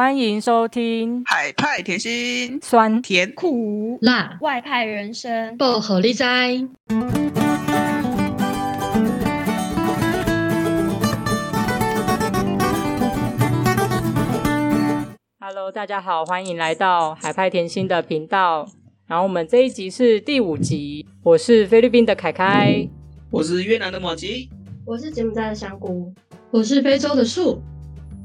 歡迎收聽《海派甜心》酸，酸甜苦辣外派人生，不荷理的哉。Hello，大家好，歡迎來到《海派甜心》的頻道。然後我們這一集是第五集。我是菲律賓的凱凱，我是越南的莫吉，我是柬埔寨的香菇，我是非洲的樹。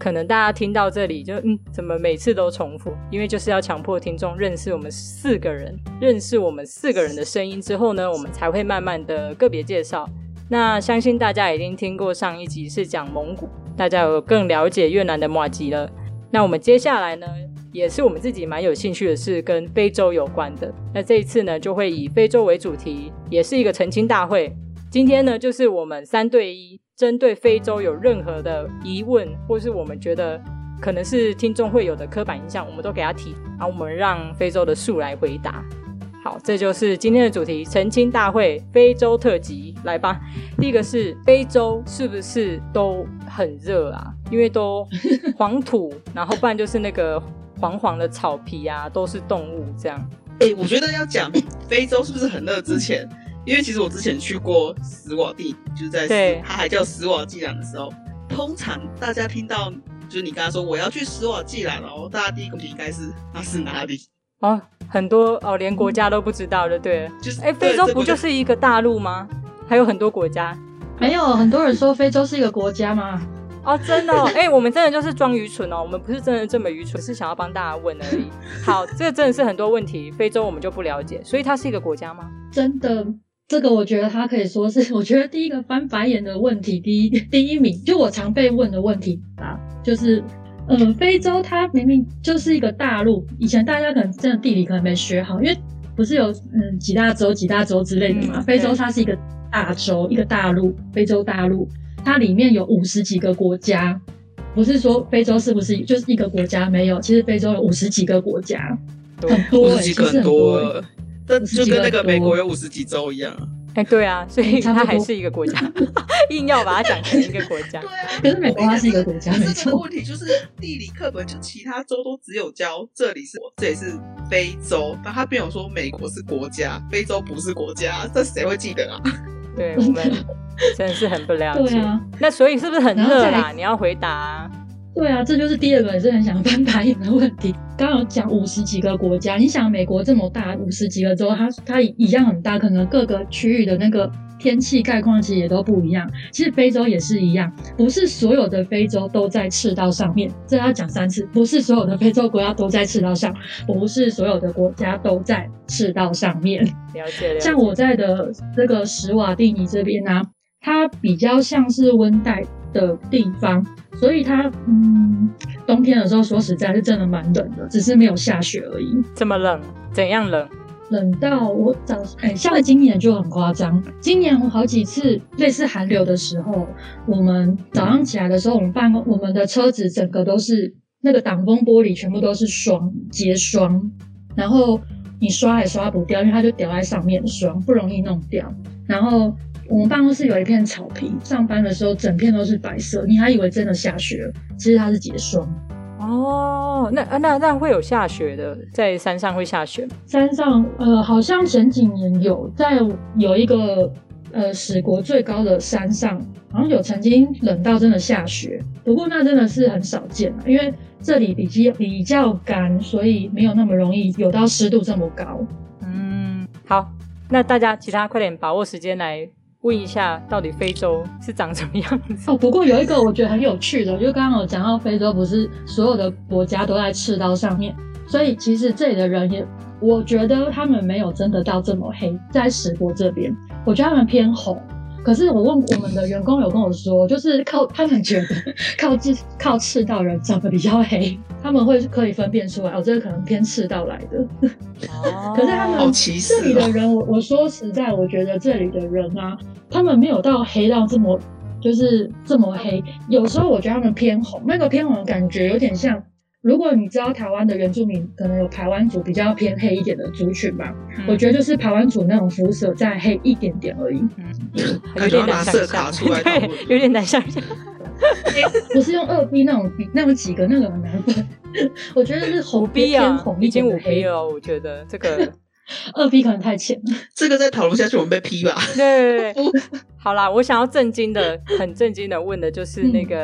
可能大家聽到這裡就嗯，怎麼每次都重複？因為就是要強迫聽眾認識我們四個人，認識我們四個人的聲音之後呢，我們才會慢慢的個別介紹。那相信大家已經聽過上一集是講蒙古，大家有更了解越南的馬吉了。那我們接下來呢，也是我們自己蠻有興趣的是跟非洲有關的。那這一次呢，就會以非洲為主題，也是一個澄清大會。今天呢，就是我們三對一。針對非洲有任何的疑問，或是我們覺得可能是聽眾會有的刻板印象，我們都給他提，然後我們讓非洲的樹來回答。好，這就是今天的主題——澄清大會非洲特輯，來吧。第一個是非洲是不是都很熱啊？因為都黃土， 然後不然就是那個黃黃的草皮啊，都是動物這樣。誒，我覺得要講非洲是不是很熱之前。 因為其實我之前去過史瓦蒂，就是在對它還叫史瓦濟蘭的時候，通常大家聽到就是你剛剛說我要去史瓦濟蘭了，大家第一個問題應該是它是哪裡？哦，很多哦，連國家都不知道的，嗯欸、對，就是哎，非洲不就是一個大陸嗎？還有很多國家，沒有很多人說非洲是一個國家嗎？哦，真的、哦，哎、 欸，我們真的就是裝愚蠢哦，我們不是真的這麼愚蠢， 只是想要幫大家問而已。好，這個、真的是很多問題，非洲我們就不了解，所以它是一個國家嗎？真的。這個我覺得他可以說是，我覺得第一個翻白眼的問題第，第一第一名就我常被問的問題啊，就是，嗯、呃，非洲它明明就是一個大陸，以前大家可能真的地理可能沒學好，因為不是有嗯幾大洲幾大洲之類的嘛，嗯、非洲它是一個大洲對一個大陸，非洲大陸它裡面有五十幾個國家，不是說非洲是不是就是一個國家沒有，其實非洲有五十幾個國家，對很多，、欸、五十幾個很多其實很多、欸。但就跟那個美國有五十幾州一樣，哎，欸、對啊，所以它還是一個國家，不 硬要把它講成一個國家。 對啊，可是美國它是一個國家，欸、錯這個問題就是地理課本就其他州都只有教這裡是這裡是非洲，但他沒有說美國是國家，非洲不是國家，這誰會記得啊？對我們 真的是很不了解。啊、那所以是不是很熱啊？你要回答，啊。對啊，這就是第二個也是很想翻白眼的問題。剛剛講五十幾個國家，你想美國這麼大，五十幾個州，它它一樣很大，可能各個區域的那個天氣概況其實也都不一樣。其實非洲也是一樣，不是所有的非洲都在赤道上面。這要講三次，不是所有的非洲國家都在赤道上，不是所有的國家都在赤道上面。了解。了解，像我在的這個史瓦帝尼這邊呢、啊，它比較像是溫帶的地方。所以它，嗯，冬天的時候，說實在是真的蠻冷的，只是沒有下雪而已。這麼冷？怎樣冷？冷到我早，哎、欸，像今年就很誇張。今年我好幾次類似寒流的時候，我們早上起來的時候，我們辦公，我們的車子整個都是那個擋風玻璃全部都是霜，結霜，然後你刷也刷不掉，因為它就掉在上面，霜不容易弄掉。然後。我們辦公室有一片草皮，上班的時候整片都是白色，你還以為真的下雪了，其實它是結霜。哦，那啊那那會有下雪的，在山上會下雪。山上，呃，好像前幾年有在有一個呃，史國最高的山上，好像有曾經冷到真的下雪，不過那真的是很少見，因為這裡比比較乾，所以沒有那麼容易有到濕度這麼高。嗯，好，那大家其他快點把握時間來。問一下，到底非洲是長什麼樣子？哦，不過有一個我覺得很有趣的，就剛剛我講到非洲不是所有的國家都在赤道上面，所以其實這裡的人也，我覺得他們沒有真的到這麼黑，在史國這邊，我覺得他們偏紅。可是我問我們的員工有跟我說，就是靠他們覺得靠赤靠赤道人長得比較黑，他們會可以分辨出來，哦，這個可能偏赤道來的。哦，可是他們好奇。這裡的人，我我說實在，我覺得這裡的人啊，他們沒有到黑到這麼就是這麼黑。哦，有時候我覺得他們偏紅，那個偏紅的感覺有點像。如果你知道台灣的原住民，可能有台灣族比較偏黑一點的族群嘛，我覺得就是台灣族那種膚色再黑一點點而已，有點難出來，有點難下。我是用二 B 那種、那種幾個那種難分，我覺得是紅 B 啊，已經五黑了。我覺得這個二 B 可能太淺了。這個再討論下去，我們被批吧。對，好啦，我想要正經的，很正經的問的就是那個。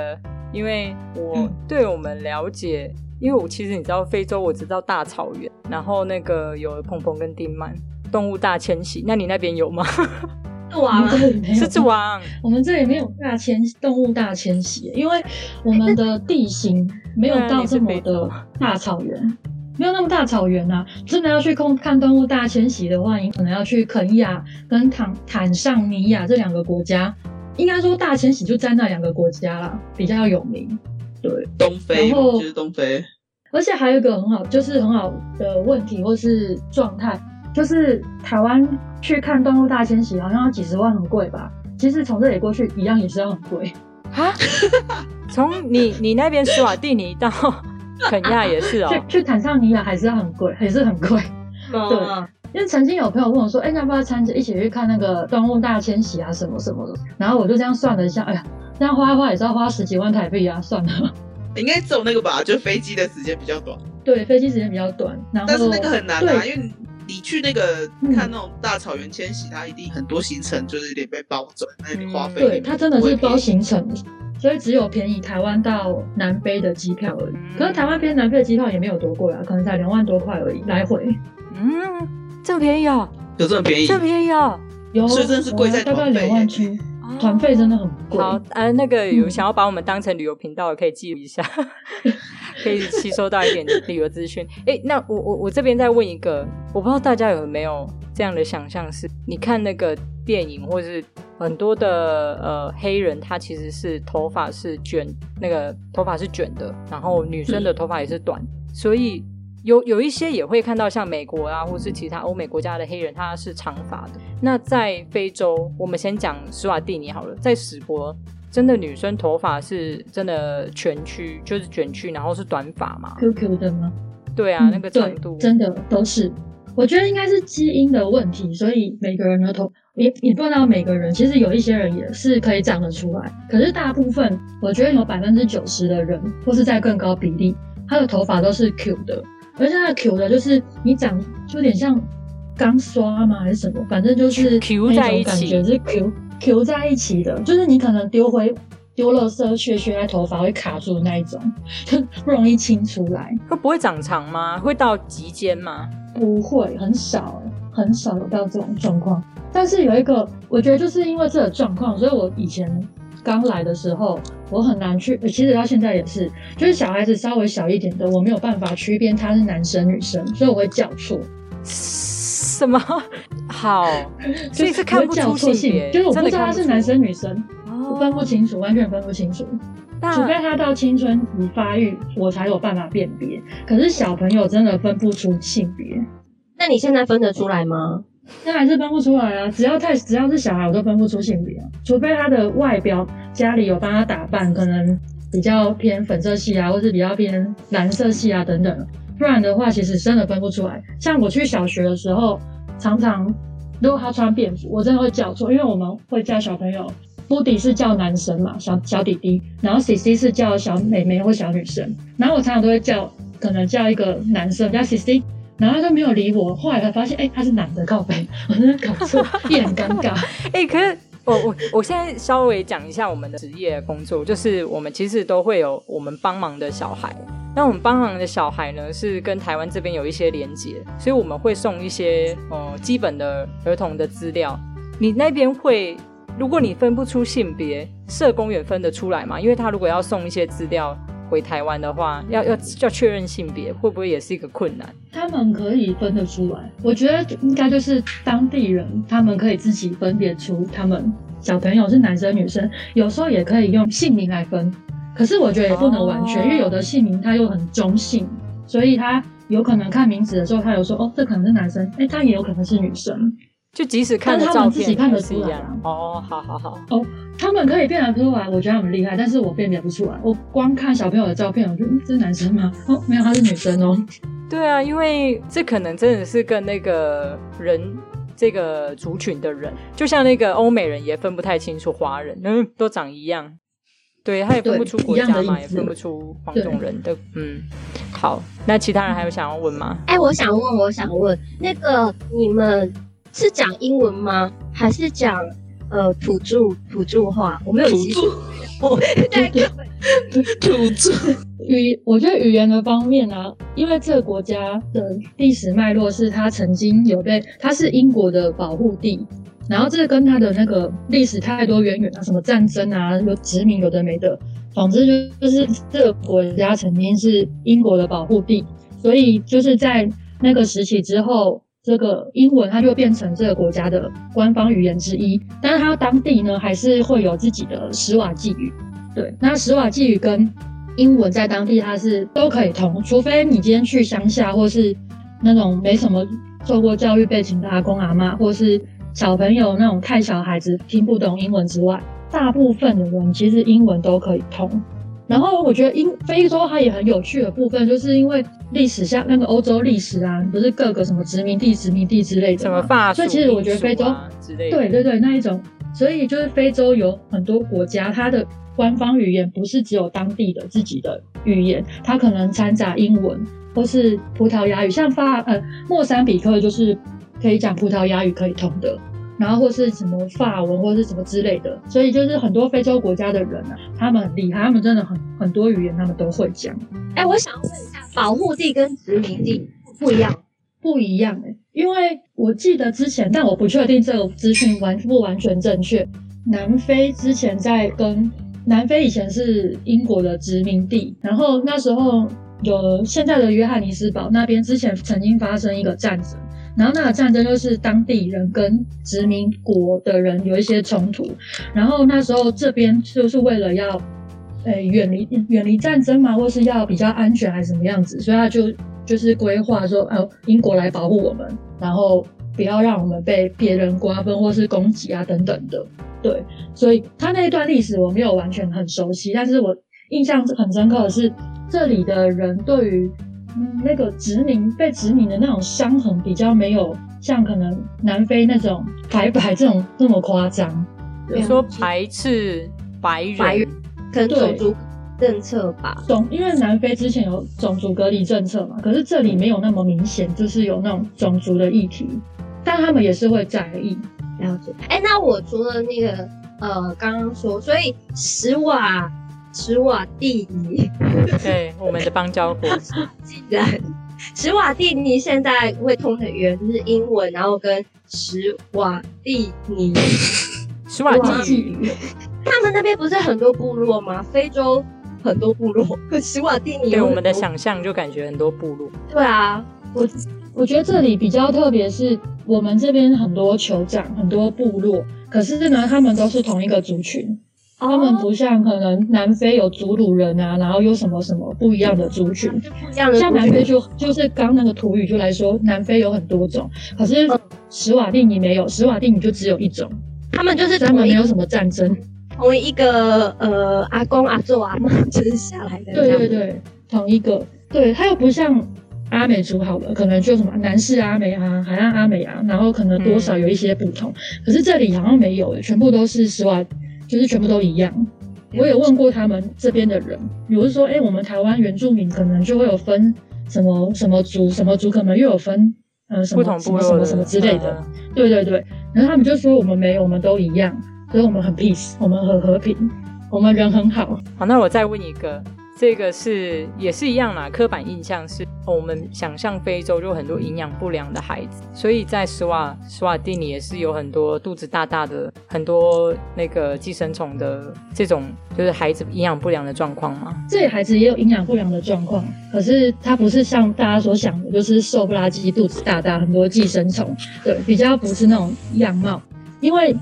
因為我對我們了解，嗯、因為我其實你知道非洲，我知道大草原，然後那個有彭彭跟丁滿、動物大遷徙。那你那邊有嗎？有獅子王、獅子王，我們這裡沒有大遷動物大遷徙，因為我們的地形沒有到這麼的大草原，哎、呃、沒有那麼大草原啊。真的要去看動物大遷徙的話，你可能要去肯亞跟坦坦桑尼亞這兩個國家。應該說大遷徙就在那兩個國家啦，比較有名，對，東非，就後是東非，而且還有一個很好，就是很好的問題或是狀態，就是台灣去看動物大遷徙，好像要幾十萬，很貴吧？其實從這裡過去一樣也是要很貴哈，從 你你那邊史瓦帝尼到肯亞也是哦、喔，去坦桑尼亞還是很貴，也是很貴，啊、對。因為曾經有朋友問我說：“哎、欸，要不要參加一起去看那個‘動物大遷徙’啊？什麼什麼的。”然後我就這樣算了一下，哎呀，這樣花花也是要花十幾萬台幣啊，算了，應該走那個吧，就飛機的時間比較短。對，飛機時間比較短。然後但是那個很難啊，對因為你去那個、嗯、你看那種大草原遷徙，它一定很多行程就是有點被包走，那得花費裡、嗯。對，它真的是包行程，所以只有便宜台灣到南非的機票而已。嗯、可是台灣飛南非的機票也沒有多貴啊，可能才兩萬多塊而已，來回。嗯。這麼便宜啊！有這麼便宜？這麼便宜啊！所以真的是貴在團費，大概兩萬七。團費、啊、真的很貴。好，呃、啊，那個有想要把我們當成旅遊頻道的，可以記錄一下，嗯、 可以吸收到一點旅遊資訊。哎、欸，那我我我這邊再問一個，我不知道大家有沒有這樣的想象，是你看那個電影或者是很多的呃黑人，他其實是頭髮是捲，嗯、那個頭髮是捲的，然後女生的頭髮也是短，嗯、所以。有有一些也會看到像美國啊，或是其他歐美國家的黑人，他是長髮的。那在非洲，我們先講史瓦帝尼好了。在史國，真的女生頭髮是真的捲曲，就是捲曲，然後是短髮嘛？Q Q 的嗎？對啊，嗯、那個長度真的都是。我覺得應該是基因的問題，所以每個人的頭你你不知道每個人。其實有一些人也是可以長得出來，可是大部分我覺得有百分之九十的人，或是在更高比例，他的頭髮都是 Q 的。而且它的 Q 的，就是你長就有點像鋼刷嘛，還是什麼？反正就是揪在感覺是 Q，Q 在，在一起的，就是你可能丟回丟了色屑，屑在頭髮會卡住那一種，就 不容易清出來。它不會長長嗎？會到及肩嗎？不會，很少，很少有到這種狀況。但是有一個，我覺得就是因為這個狀況，所以我以前。剛來的時候，我很難去，其實到現在也是，就是小孩子稍微小一點的，我沒有辦法區分他是男生女生，所以我會叫錯。什麼？好，所以 是看不出性別，就是我不知道他是男生女生，不我分不清楚，完全分不清楚，但除非他到青春期發育，我才有辦法辨別。可是小朋友真的分不出性別。那你現在分得出來嗎？嗯那還是分不出來啊！只要太只要是小孩，我都分不出性別啊。除非他的外表家裡有幫他打扮，可能比較偏粉色系啊，或是比較偏藍色系啊等等。不然的話，其實真的分不出來。像我去小學的時候，常常如果他穿便服，我真的會叫錯，因為我們會叫小朋友布迪，是叫男生嘛，小小弟弟，然後 CC 是叫小妹妹或小女生。然後我常常都會叫，可能叫一個男生叫 CC。然後他就沒有理我，後來才發現，哎、欸，他是男的告白，我真的搞錯，一臉尷尬。哎、 欸，可是我我我現在稍微講一下我們的職業工作， 就是我們其實都會有我們幫忙的小孩，那我們幫忙的小孩呢是跟台灣這邊有一些連結，所以我們會送一些呃基本的兒童的資料。你那邊會，如果你分不出性別，社工也分得出來嗎？因為他如果要送一些資料。回台灣的話，要要要確認性別，會不會也是一個困難？他們可以分得出來，我覺得應該就是當地人，他們可以自己分辨出他們小朋友是男生女生。有時候也可以用姓名來分，可是我覺得也不能完全，哦、因為有的姓名他又很中性，所以他有可能看名字的時候，他有說哦，這可能是男生，欸，他也有可能是女生。嗯就即使看照片是一樣是看，啊、哦，好好好哦，他們可以辨別出來，我覺得他們厲害，但是我辨別不出來。我光看小朋友的照片，我覺得、嗯、這是男生嗎？哦，沒有，他是女生哦。對啊，因為這可能真的是跟那個人這個族群的人，就像那個歐美人也分不太清楚華人，嗯，都長一樣。對，他也分不出國家嘛，也分不出黃種人的。對嗯，好，那其他人還有想要問嗎？哎、欸，我想問，我想問那個你們。是講英文嗎？還是講呃土著土著話？我沒有記住哦， 土著語。我覺得語言的方面啊，因為這個國家的歷史脈絡是它曾經有被，它是英國的保護地，然後這跟它的那個歷史太多淵源啊，什麼戰爭啊，有殖民有的沒的，總之就就是這個國家曾經是英國的保護地，所以就是在那個時期之後。這個英文它就會變成這個國家的官方語言之一，但是它當地呢還是會有自己的史瓦濟語。對，那史瓦濟語跟英文在當地它是都可以通，除非你今天去鄉下或是那種沒什麼受過教育背景的阿公阿媽，或是小朋友那種太小孩子聽不懂英文之外，大部分的人其實英文都可以通。然後我覺得，英非洲它也很有趣的部分，就是因為歷史，像那個歐洲歷史啊，不是各個什麼殖民地、殖民地之類的，怎麼辦？所以其實我覺得非洲，對對對，對，那一種，所以就是非洲有很多國家，它的官方語言不是只有當地的自己的語言，它可能摻雜英文或是葡萄牙語，像法呃莫三比克就是可以講葡萄牙語可以通的。然後或是什麼法文或是什麼之類的，所以就是很多非洲國家的人呢，啊，他們很厲害，他們真的很很多語言，他們都會講。哎，欸，我想問一下，保護地跟殖民地不一樣？不一樣哎，欸，因為我記得之前，但我不確定這個資訊完不完全正確。南非之前在跟南非以前是英國的殖民地，然後那時候有現在的約翰尼斯堡那邊之前曾經發生一個戰爭。然後那個戰爭就是當地人跟殖民國的人有一些衝突，然後那時候這邊就是為了要，呃、欸，遠離遠離戰爭嘛，或是要比較安全還是什麼樣子，所以他就就是規劃說，哦、啊，英國來保護我們，然後不要讓我們被別人瓜分或是攻擊啊等等的，對，所以他那一段歷史我沒有完全很熟悉，但是我印象很深刻的是這裡的人對於。嗯，那個殖民、被殖民的那種傷痕比較沒有，像可能南非那種排白，白這種那麼誇張，對說排斥白人，對可能種族政策吧。種，因為南非之前有種族隔離政策嘛，可是這裡沒有那麼明顯，嗯、就是有那種種族的議題，但他們也是會在意。了解。哎、欸，那我除了那個呃，剛剛說，所以史瓦。史瓦帝尼，對，我們的邦交國。既然史瓦帝尼現在會通的語言是英文，然後跟史瓦帝尼，史瓦帝尼，尼尼他們那邊不是很多部落嗎？非洲很多部落，可史瓦帝尼對我們的想象，就感覺很多部落。對啊，我我覺得這裡比較特別，是我們這邊很多酋長、很多部落，可是呢，他們都是同一個族群。他們不像可能南非有祖魯人啊，然後有什麼什麼不一樣的族群，嗯啊、族群像南非就就是剛那個土語就來說，南非有很多種，可是史瓦帝尼沒有，史瓦帝尼就只有一種，他們就是他們沒有什麼戰爭，同一個呃阿公阿祖阿媽就是下來的，對對對，同一個，對，他又不像阿美族好了，可能就什麼南士阿美啊，海岸阿美啊，然後可能多少有一些不同，嗯、可是這裡好像沒有耶，全部都是史瓦。就是全部都一樣。嗯、我有問過他們這邊的人，比如說，哎、欸，我們台灣原住民可能就會有分什麼什麼族，什麼族，可能又有分，呃，什麼不同部落什麼什麼什麼之類的。嗯、對對對，然後他們就說我們沒有，我們都一樣，所以我們很 peace，我們很和平，我們人很好。嗯、好，那我再問一個。這個是也是一樣啦。刻板印象是，我們想象非洲就很多營養不良的孩子，所以在史瓦史瓦帝尼也是有很多肚子大大的，很多那個寄生蟲的這種，就是孩子營養不良的狀況嘛。這些孩子也有營養不良的狀況，可是他不是像大家所想的，就是瘦不拉幾、肚子大大、很多寄生蟲。對，比較不是那種樣貌，因為。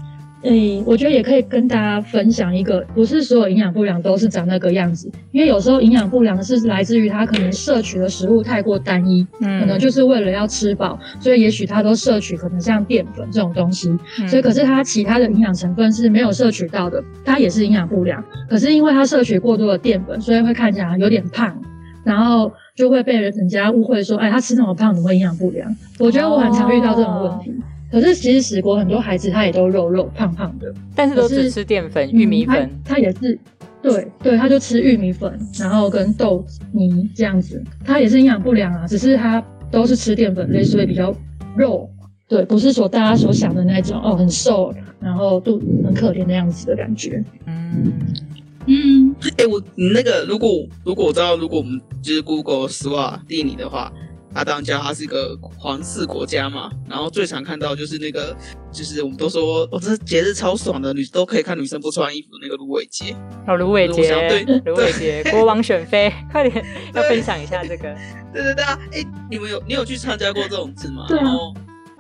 哎，對我覺得也可以跟大家分享一個，不是所有營養不良都是長那個樣子，因為有時候營養不良是來自於他可能攝取的食物太過單一，嗯，可能就是為了要吃飽，所以也許他都攝取可能像澱粉這種東西，嗯，所以可是他其他的營養成分是沒有攝取到的，他也是營養不良。可是因為他攝取過多的澱粉，所以會看起來有點胖，然後就會被人家誤會說，哎，他吃那麼胖，怎麼會營養不良？我覺得我很常遇到這種問題。哦。可是其實史國很多孩子他也都肉肉胖胖的，但是都是吃澱粉、玉米粉，他也是，對對，他就吃玉米粉，然後跟豆泥這樣子，他也是營養不良啊，只是他都是吃澱粉類，所以比較肉，對，不是說大家所想的那種哦，很瘦，然後就很可憐那樣子的感覺，嗯嗯，哎、嗯欸、我你那個如果如果我知道如果我們就是 Google 史瓦帝尼的話。阿當家，他是一個皇室國家嘛，然後最常看到就是那個，就是我們都說哦，這是節日超爽的女，都可以看女生不穿衣服那個蘆葦節。哦，蘆葦節，對，蘆葦節，國王選妃，快點 對要分享一下這個。對對對啊，哎，你們有你有去參加過這種事嗎？對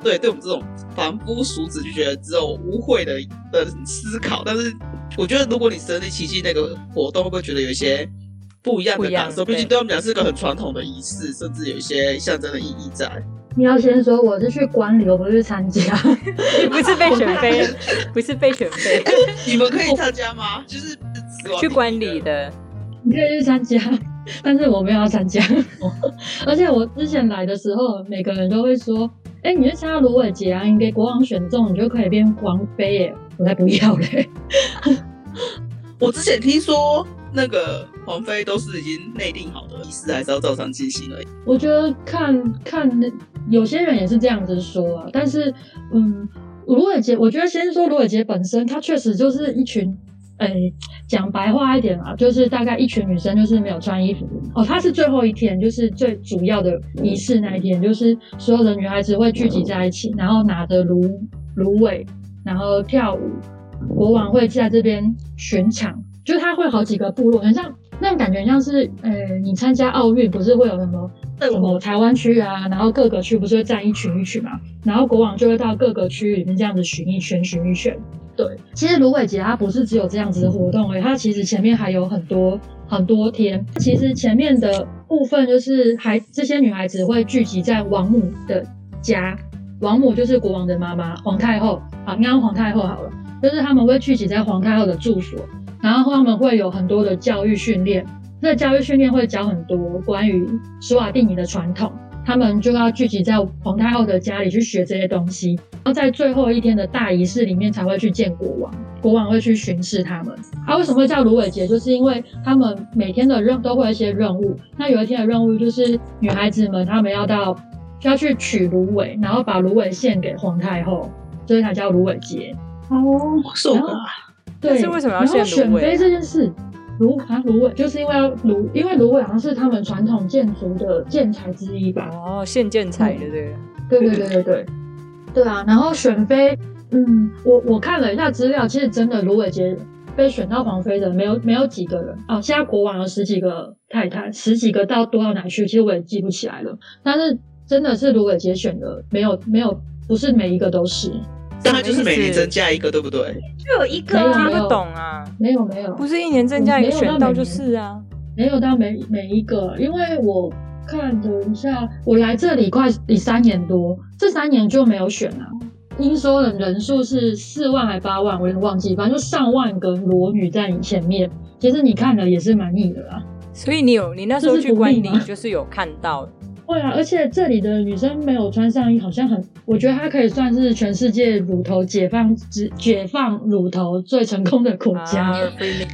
對，對我們這種凡夫俗子就覺得只有污穢的的思考，但是我覺得如果你身歷其境那個活動，會不會覺得有一些？不一樣的感受，畢竟對他們倆是個很傳統的儀式，對甚至有一些象徵的意義在。你要先說我是去觀禮，我不是去參加， 不是被選妃， 不是被選妃。 選你們可以參加嗎？我就是去觀禮的，的你可以去參加，但是我沒有要參加。 而且我之前來的時候，每個人都會說：“哎、欸，你就參加蘆葦節啊，你給國王選中，你就可以變王妃耶！”我才不要嘞。 我之前聽說。那個皇妃都是已經內定好的，儀式還是要照常進行而已。我覺得看看那有些人也是這樣子說啊，但是嗯，蘆葦節，我覺得先說蘆葦節本身，他確實就是一群，哎、欸，講白話一點嘛，就是大概一群女生就是沒有穿衣服哦。他、喔、是最後一天，就是最主要的儀式那一天，嗯、就是所有的女孩子會聚集在一起，嗯、然後拿着蘆蘆葦，然後跳舞，國王會在這邊巡場。就他會好幾個部落，很像那種感覺，像是呃，你參加奧運不是會有什麼什麼台灣區啊，然後各個區不是會站一群一群嘛？然後國王就會到各個區域裡面這樣子巡一圈、巡一圈。對，其實蘆葦節它不是只有這樣子的活動、欸，哎，它其實前面還有很多很多天。其實前面的部分就是還這些女孩子會聚集在王母的家，王母就是國王的媽媽，皇太後啊，喵皇太后好了，就是他們會聚集在皇太後的住所。然後他們會有很多的教育訓練，這教育訓練會教很多關於史瓦帝尼的傳統，他們就要聚集在皇太後的家裡去學這些東西，然後在最後一天的大儀式裡面才會去見國王，國王會去巡視他們。他、啊、為什麼會叫蘆葦節，就是因為他們每天的任都會有一些任務，那有一天的任務就是女孩子們她們要到要去取蘆葦，然後把蘆葦獻給皇太後，所以它叫蘆葦節。好哦，是哦。對，然後選妃這件事，蘆啊蘆葦，就是因為要蘆，因為蘆葦好像是他們傳統建築的建材之一吧？哦，現建材對對、嗯、對對對對，嗯、對啊。然後選妃，嗯，我我看了一下資料，其實真的蘆葦節被選到皇妃的沒有沒有幾個人哦、啊，現在國王有十幾個太太，十幾個到多少哪去？其實我也記不起來了。但是真的是蘆葦節選的，沒有沒有，不是每一個都是。但他就是每年增加一個，對不對？有有就有一個，他不懂啊。沒有沒有，沒有不是一年增加一個選到就是啊。沒有，到每到每，每一個、啊，因為我看等一下，我來這裡快你三年多，這三年就沒有選了、啊。聽說的人數是四萬還八萬，我也忘記，反正就上萬個裸女在你前面。其實你看了也是蠻膩的啦。所以你有，你那時候去觀禮就是有看到。對啊，而且這裡的女生沒有穿上衣，好像很，我覺得她可以算是全世界乳頭解放之解放乳頭最成功的國家。啊、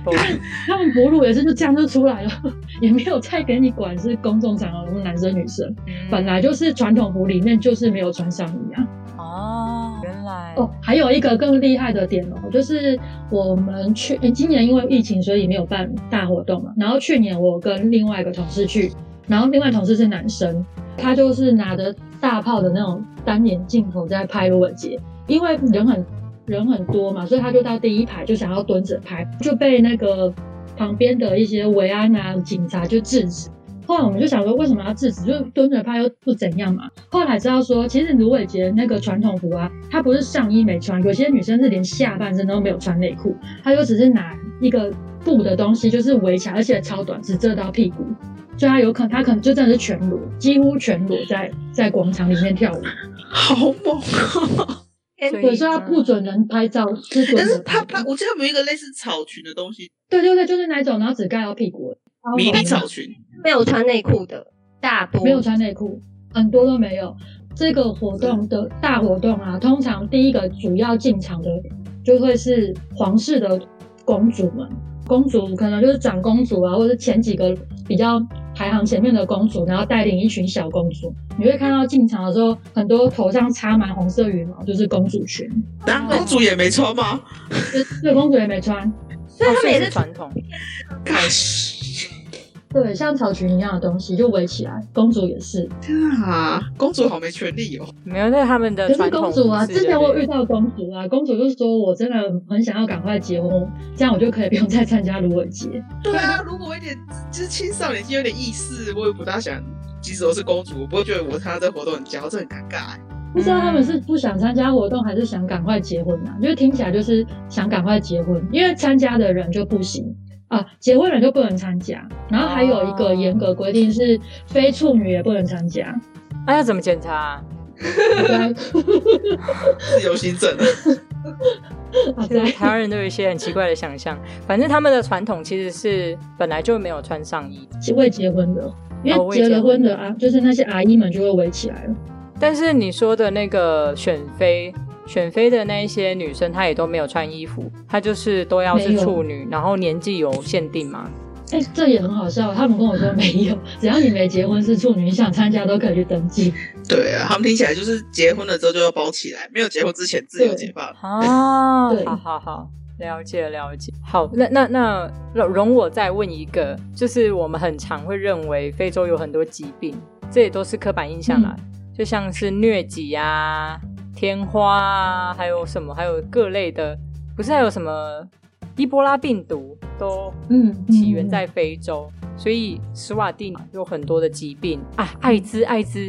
他們哺乳也是就這樣就出來了， 也沒有再給你管，是公眾場合，無論男生女生，嗯、本來就是傳統服裡面就是沒有穿上衣啊。哦、啊，原來哦，還有一個更厲害的點哦，就是我們去、欸、今年因為疫情所以沒有辦大活動嘛，然後去年我跟另外一個同事去。然後另外同事是男生，他就是拿着大炮的那種單眼鏡頭在拍蘆葦節，因為人很人很多嘛，所以他就到第一排就想要蹲着拍，就被那個旁邊的一些維安啊警察就制止。後來我們就想說，為什麼要制止？就蹲着拍又不怎樣嘛。後來知道說，其實蘆葦節那個傳統服啊，他不是上衣沒穿，有些女生是連下半身都沒有穿內褲，他就只是拿一個布的東西就是圍起來，而且超短，只遮到屁股。所以他有可能，他可能就真的是全裸，幾乎全裸在在廣場裡面跳舞， 好猛喔！對，可是他不准人拍照，是但是他拍我記得有一個類似草裙的東西，對對對，就是那種然後只蓋到屁股，迷你草裙，沒有穿內褲的，大沒有穿內褲，很多都沒有。這個活動的大活動啊，通常第一個主要進場的就會是皇室的公主們。公主可能就是長公主啊，或者前幾個比較排行前面的公主，然後帶領一群小公主。你會看到進場的時候，很多頭上插滿紅色羽毛，就是公主裙。然後、啊、公主也沒穿嗎？對，公主也沒穿， 所以他們也是傳統。開始。對，像草裙一樣的東西就圍起來。公主也是，對啊，嗯、公主好沒權利哦。沒有，那他們的。可是公主啊，是之前我遇到公主啊，對對對，公主就說：“我真的很想要趕快結婚，這樣我就可以不用再參加蘆葦節。”對啊，但如果我有點就是青少年期有點意思，我也不大想，即使我是公主，我不會覺得我參加這活動很驕傲，這很尷尬。嗯、不知道他們是不想參加活動，還是想趕快結婚呢、啊？就是聽起來就是想趕快結婚，因為參加的人就不行。啊，結婚人就不能參加，然後還有一個嚴格規定是非處女也不能參加。那、啊、要怎麼檢查？自由心證啊！現在 台灣人都有一些很奇怪的想象，反正他們的傳統其實是本來就沒有穿上衣，未結，結婚的，因為結了婚的啊，就是那些阿姨們就會圍起來了。但是你說的那個選妃。選妃的那一些女生，她也都沒有穿衣服，她就是都要是處女，有然後年紀有限定嘛。誒，這也很好笑，他們跟我說沒有，只要你沒結婚是處女，你想參加都可以去登記。對啊，他們聽起來就是結婚了之後就要包起來，沒有結婚之前自由解放。對啊，對對好好好，了解了解。好，那那那容我再問一個，就是我們很常會認為非洲有很多疾病，這也都是刻板印象啦，嗯、就像是瘧疾啊。天花啊，還有什麼？還有各類的，不是還有什麼？伊波拉病毒都，嗯，起源在非洲，嗯嗯、所以史瓦帝尼有很多的疾病啊，啊，艾滋，艾滋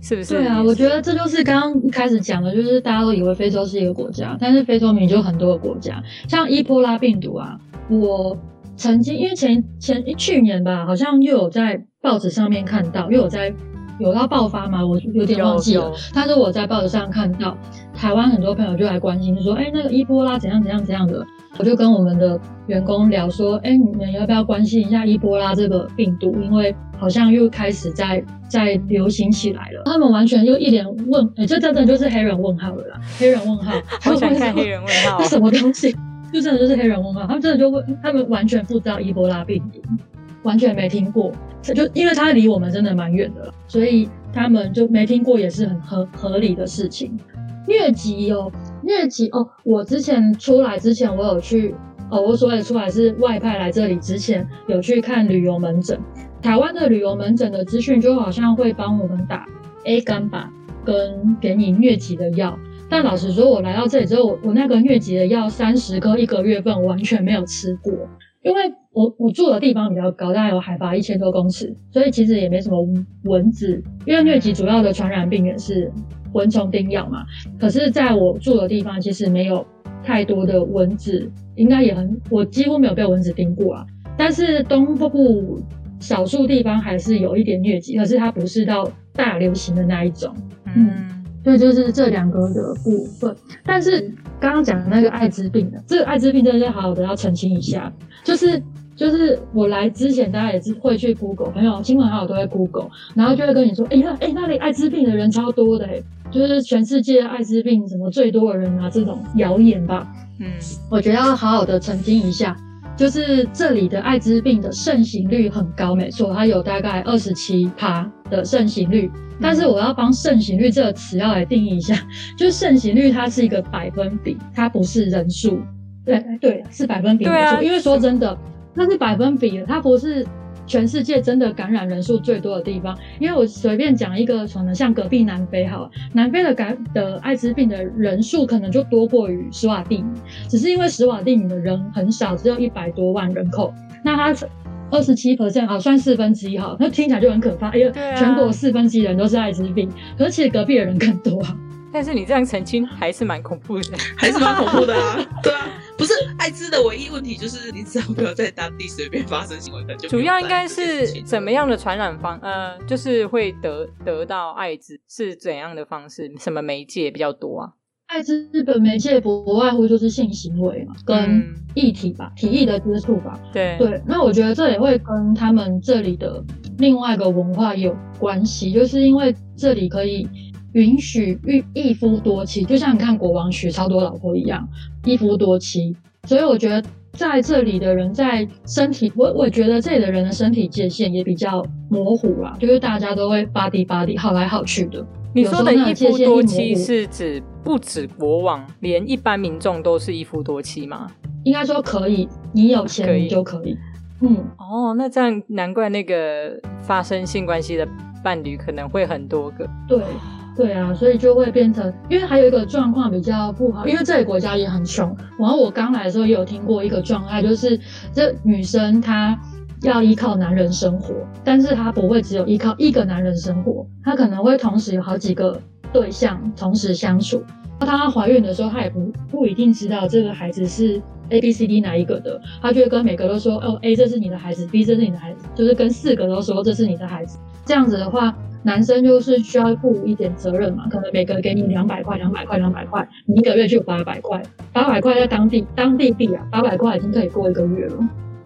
是不是？對啊，是我覺得這就是剛剛開始講的，就是大家都以為非洲是一個國家，但是非洲明就很多個國家，像伊波拉病毒啊，我曾經因為前前去年吧，好像又有在報紙上面看到，又有在。有要爆發嗎？我有點忘記了。有有，但是我在報紙上看到，台灣很多朋友就來關心說：“哎、欸，那個伊波拉怎樣怎樣怎樣的。”我就跟我們的員工聊說：“哎、欸，你們要不要關心一下伊波拉這個病毒？因為好像又開始在在流行起來了。”他們完全就一臉問，哎、欸，這真的就是黑人問號了啦！黑人問號， 我想看黑人問號這什麼東西，就真的就是黑人問號。他們真的就問，他們完全不知道伊波拉病毒。完全沒聽過，就因為他離我們真的蠻遠的，所以他們就沒聽過也是很合合理的事情。瘧疾哦，瘧疾哦，我之前出來之前，我有去哦，我所謂的出來是外派來這裡之前，有去看旅遊門診。台灣的旅遊門診的資訊就好像會幫我們打 A 肝吧，跟給你瘧疾的藥。但老實說，我來到這裡之後，我那個瘧疾的藥三十顆一個月份完全沒有吃過。因為我我住的地方比較高，大概有海拔一千多公尺，所以其實也沒什麼蚊子。因為瘧疾主要的傳染病源是蚊蟲叮咬嘛，可是在我住的地方其實沒有太多的蚊子，應該也很，我幾乎沒有被蚊子叮過啊。但是東部部少數地方還是有一點瘧疾，可是它不是到大流行的那一種。嗯，以、嗯、就是這兩個的部分，嗯、但是。嗯剛剛講的那個艾滋病的，這個艾滋病真的要好好的要澄清一下，就是就是我來之前，大家也是會去 Google，朋友，親朋好友都會 Google，然後就會跟你說，哎呀，那裡艾滋病的人超多的誒，就是全世界艾滋病什麼最多的人啊這種謠言吧。嗯，我覺得要好好的澄清一下，就是這裡的艾滋病的盛行率很高，沒錯，它有大概二十七趴的盛行率。但是我要幫“盛行率”這個詞要來定義一下，就是盛行率它是一個百分比，它不是人數。對對，是百分比沒錯啊。因為說真的，它是百分比的，它不是全世界真的感染人數最多的地方。因為我隨便講一個可能，像隔壁南非好了，南非的感的艾滋病的人數可能就多過於史瓦帝尼，只是因為史瓦帝尼的人很少，只有一百多萬人口。那它。二十七 percent 啊，算四分之一哈，那聽起來就很可怕，因為，哎、啊、全國四分之一人都是艾滋病，可是其實隔壁的人更多啊。但是你這樣澄清還是蠻恐怖的， 還是蠻恐怖的啊。 對啊，不是艾滋的唯一問題就是你只要不要在當地隨便發生性關係對的。就主要應該是怎麼樣的傳染方呃，就是會得得到艾滋是怎樣的方式，什麼媒介比較多啊？愛滋本媒介不外乎就是性行為嘛，跟異體吧、嗯、體液的接觸吧。對對，那我覺得這也會跟他們這裡的另外一個文化有關係，就是因為這裡可以允許一夫多妻，就像你看國王娶超多老婆一樣，一夫多妻。所以我覺得在這裡的人在身體，我我覺得這裡的人的身體界限也比較模糊啦、啊，就是大家都會 body body 好來好去的。你說的一夫多妻，妻是指不止國王，連一般民眾都是一夫多妻嗎？應該說可以，你有錢就可以。可以，嗯，哦，那這樣難怪那個發生性關係的伴侶可能會很多個。對，對啊，所以就會變成，因為還有一個狀況比較不好，因為這個國家也很窮。然後我剛來的時候也有聽過一個狀態，就是這女生她。要依靠男人生活，但是他不會只有依靠一個男人生活，他可能會同時有好幾個對象同時相處。那她懷孕的時候，他也不不一定知道這個孩子是 A B C D 哪一個的，他就會跟每個都說，哦 A 這是你的孩子，B 這是你的孩子，就是跟四個都說這是你的孩子。這樣子的話，男生就是需要負一點責任嘛，可能每個給你兩百塊，兩百塊，兩百塊，你一個月就有八百塊，八百塊在當地當地幣啊，八百塊已經可以過一個月了。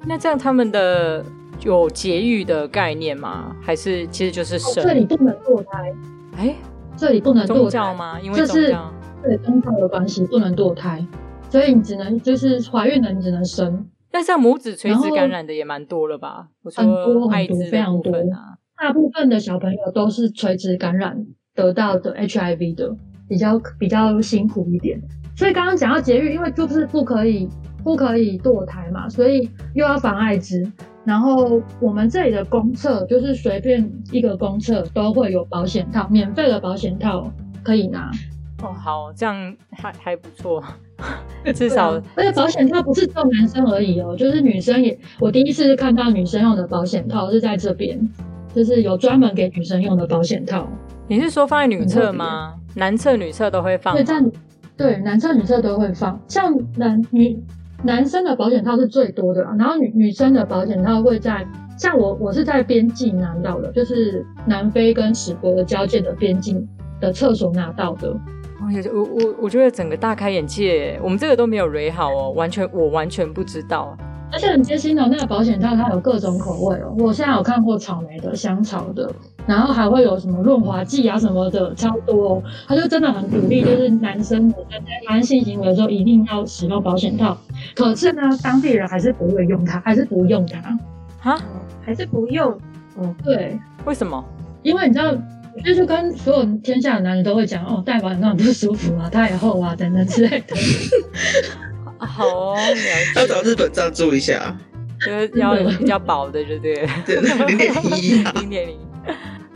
那這樣他們的有節育的概念嗎？還是其實就是生？哦、這裡不能墮胎。誒、欸、這裡不能墮胎，宗教嗎？因為宗教對宗教有關係，不能墮胎，所以你只能就是懷孕了，你只能生。那像母子垂直感染的也蠻多了吧？很多很多非常多，大部分的小朋友都是垂直感染得到的 HIV 的，比較比較辛苦一點。所以剛剛講到節育，因為就是不可以，不可以墮胎嘛，所以又要防艾滋。然後我們這裡的公廁就是隨便一個公廁都會有保險套，免費的保險套可以拿。哦，好，這樣還還不錯， 至少。而且保險套不是只有男生而已哦，就是女生也。我第一次看到女生用的保險套是在這邊，就是有專門給女生用的保險套。你是說放在女廁嗎？男廁、女廁都會放？對，對，男廁、女廁都會放。像男、女。男生的保險套是最多的、啊，然後女女生的保險套會在像我，我是在邊境拿到的，就是南非跟史國的交界的邊境的廁所拿到的。我我我，我覺得整個大開眼界，我們這個都沒有 ready 好哦、喔，完全我完全不知道。而且很貼心哦、喔，那個保險套它有各種口味哦、喔，我現在有看過草莓的、香草的，然後還會有什麼潤滑劑啊什麼的，超多、喔。哦，他就真的很鼓勵，就是男生們在發生性行為的時候一定要使用保險套。可是呢，當地人還是不會用它，還是不用它，啊？還是不用？哦、嗯，對，為什麼？因為你知道，就是跟所有天下的男人都會講哦，戴保險套很不舒服啊，太厚啊，等等之類的。 好哦，要找日本贊助一下，就是要比較薄的，就對， 對，零點一，零點零。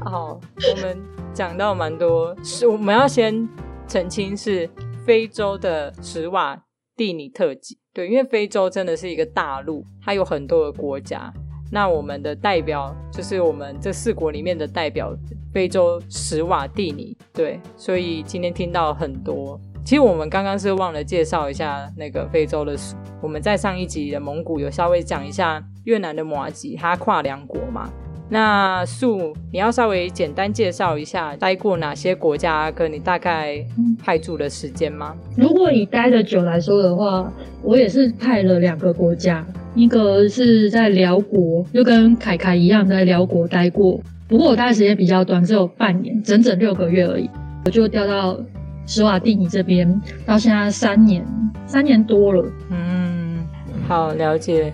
好，我們講到蠻多，是我們要先澄清，是非洲的史瓦帝尼特輯，對，因為非洲真的是一個大陸，它有很多的國家。那我們的代表就是我們這四國裡面的代表，非洲史瓦帝尼，對。所以今天聽到很多。其實我們剛剛是忘了介紹一下那個非洲的樹。我們在上一集的蒙古有稍微講一下越南的馬吉，它跨兩國嘛。那樹，你要稍微簡單介紹一下待過哪些國家，跟你大概派駐的時間嗎？嗯、如果你待的久來說的話，我也是派了兩個國家，一個是在寮國，就跟凱凱一樣在寮國待過。不過我待的時間比較短，只有半年，整整六個月而已，我就調到。史瓦帝尼這邊到現在三年，三年多了。嗯，好，了解。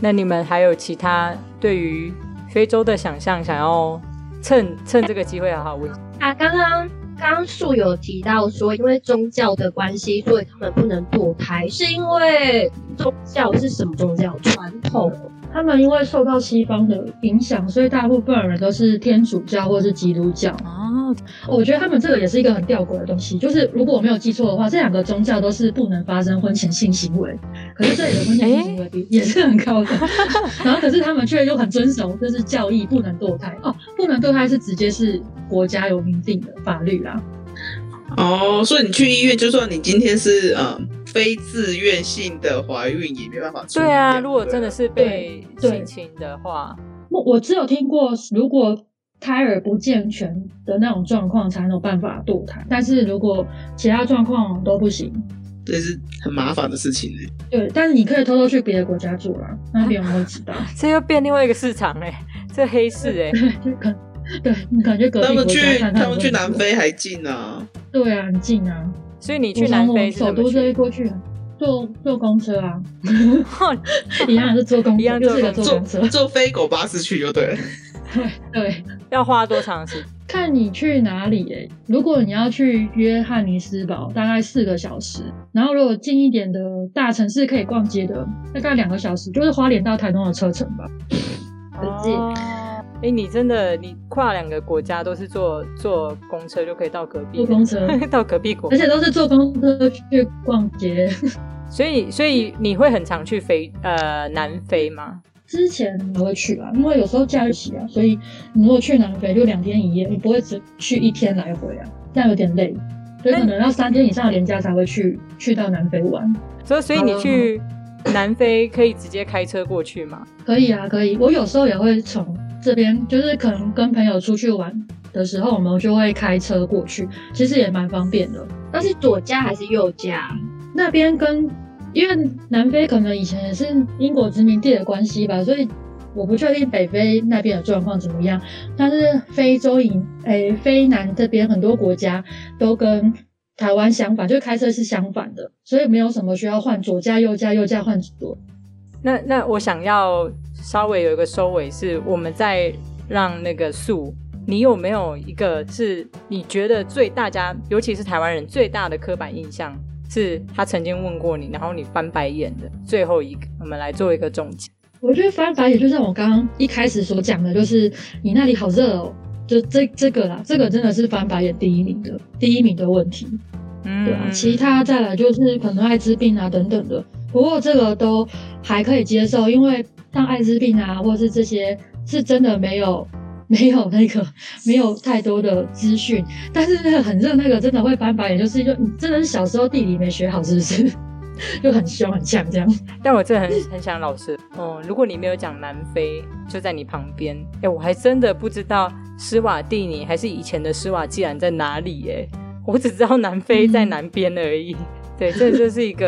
那你們還有其他對於非洲的想象，想要趁趁這個機會好好問？我啊，剛剛剛剛樹有提到說，因為宗教的關係，所以他們不能墮胎，是因為宗教，是什麼宗教？傳統。他們因為受到西方的影響，所以大部分人都是天主教或是基督教、哦哦、我覺得他們這個也是一個很吊詭的東西，就是如果我沒有記錯的話，這兩個宗教都是不能發生婚前性行為，可是這裡的婚前性行為也是很高的。欸、 然後可是他們卻又很遵守，就是教義，不能墮胎哦，不能墮胎是直接是國家有明定的法律啦。哦，所以你去醫院，就算你今天是呃。非自願性的懷孕也沒辦法做，對啊，對吧如果真的是被性侵的話，我只有聽過，如果胎兒不健全的那種狀況才能有辦法墮胎，但是如果其他狀況都不行，這是很麻煩的事情、欸。對，但是你可以偷偷去別的國家做了，那別人不知道。啊、 這又變另外一個市場哎、欸，這黑市哎、欸， 對，你感覺隔壁國家看看他，們他們去南非還近啊。對啊，很近啊。所以你去南非是首都這一過去，坐坐公車啊， 一樣是坐公 一樣就是坐公車，就坐公車坐，坐飛狗巴士去就對了。對，對要花多長時間？看你去哪裡誒、欸。如果你要去約翰尼斯堡，大概四個小時；然後如果近一點的大城市可以逛街的，大概兩個小時，就是花蓮到台東的車程吧，oh. 哎，你真的，你跨兩個國家都是坐坐公車就可以到隔壁，坐公車 到隔壁國，而且都是坐公車去逛街。所以，所以你會很常去飛呃南非嗎？之前不會去吧、啊、因為有時候假期啊，所以你如果去南非就兩天一夜，你不會只去一天來回啊，這樣有點累，所以可能要三天以上的連假才會去去到南非玩。所以，所以你去南非可以直接開車過去嗎？嗎可以啊，可以。我有時候也會從。這邊就是可能跟朋友出去玩的時候，我們就會開車過去，其實也蠻方便的。那是左駕還是右駕？那邊跟因為南非可能以前也是英國殖民地的關係吧，所以我不確定北非那邊的狀況怎麼樣。但是非洲以誒、欸、非南這邊很多國家都跟台灣相反，就是開車是相反的，所以沒有什麼需要換左駕右駕右駕換左。那那我想要稍微有一個收尾，是我們在讓那個樹，你有沒有一個是你覺得最大家，尤其是台灣人最大的刻板印象，是他曾經問過你，然後你翻白眼的最後一個，我們來做一個總結。我覺得翻白眼就像我剛剛一開始所講的，就是你那裡好熱哦，就這這個啦，這個真的是翻白眼第一名的，第一名的問題。嗯、對啊，其他再來就是可能艾滋病啊等等的。不過這個都還可以接受，因為像艾滋病啊，或是這些是真的沒有沒有那個沒有太多的資訊。但是那個很熱那個真的會翻白眼，就是，就是你真的是小時候地理沒學好，是不是就很凶很像這樣？但我真的很很想老師 嗯，如果你沒有講南非，就在你旁邊。哎，我還真的不知道史瓦帝尼還是以前的史瓦濟蘭在哪裡。哎，我只知道南非在南邊而已。嗯對，這就是一個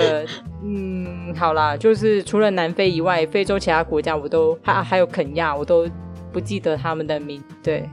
嗯，好啦，就是除了南非以外，非洲其他國家我都還、啊、還有肯亞，我都不記得他們的名。對，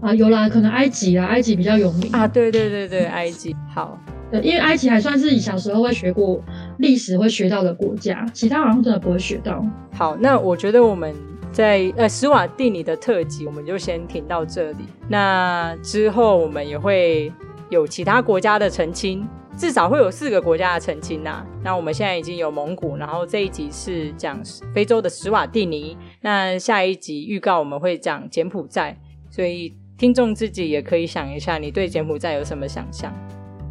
啊，有啦，可能埃及啦，埃及比較有名啊。對對對對，埃及好，因為埃及還算是小時候會學過歷史會學到的國家，其他好像真的不會學到。好，那我覺得我們在呃史瓦帝尼的特輯，我們就先停到這裡。那之後我們也會有其他國家的澄清。至少會有四個國家的澄清啦、啊、那我們現在已經有蒙古，然後這一集是講非洲的史瓦帝尼。那下一集預告我們會講柬埔寨，所以聽眾自己也可以想一下，你對柬埔寨有什麼想象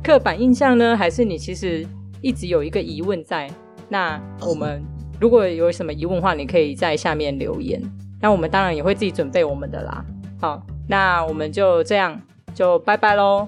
刻板印象呢，還是你其實一直有一個疑問在？那我們如果有什麼疑問的話，你可以在下面留言。那我們當然也會自己準備我們的啦。好，那我們就這樣，就拜拜嘍。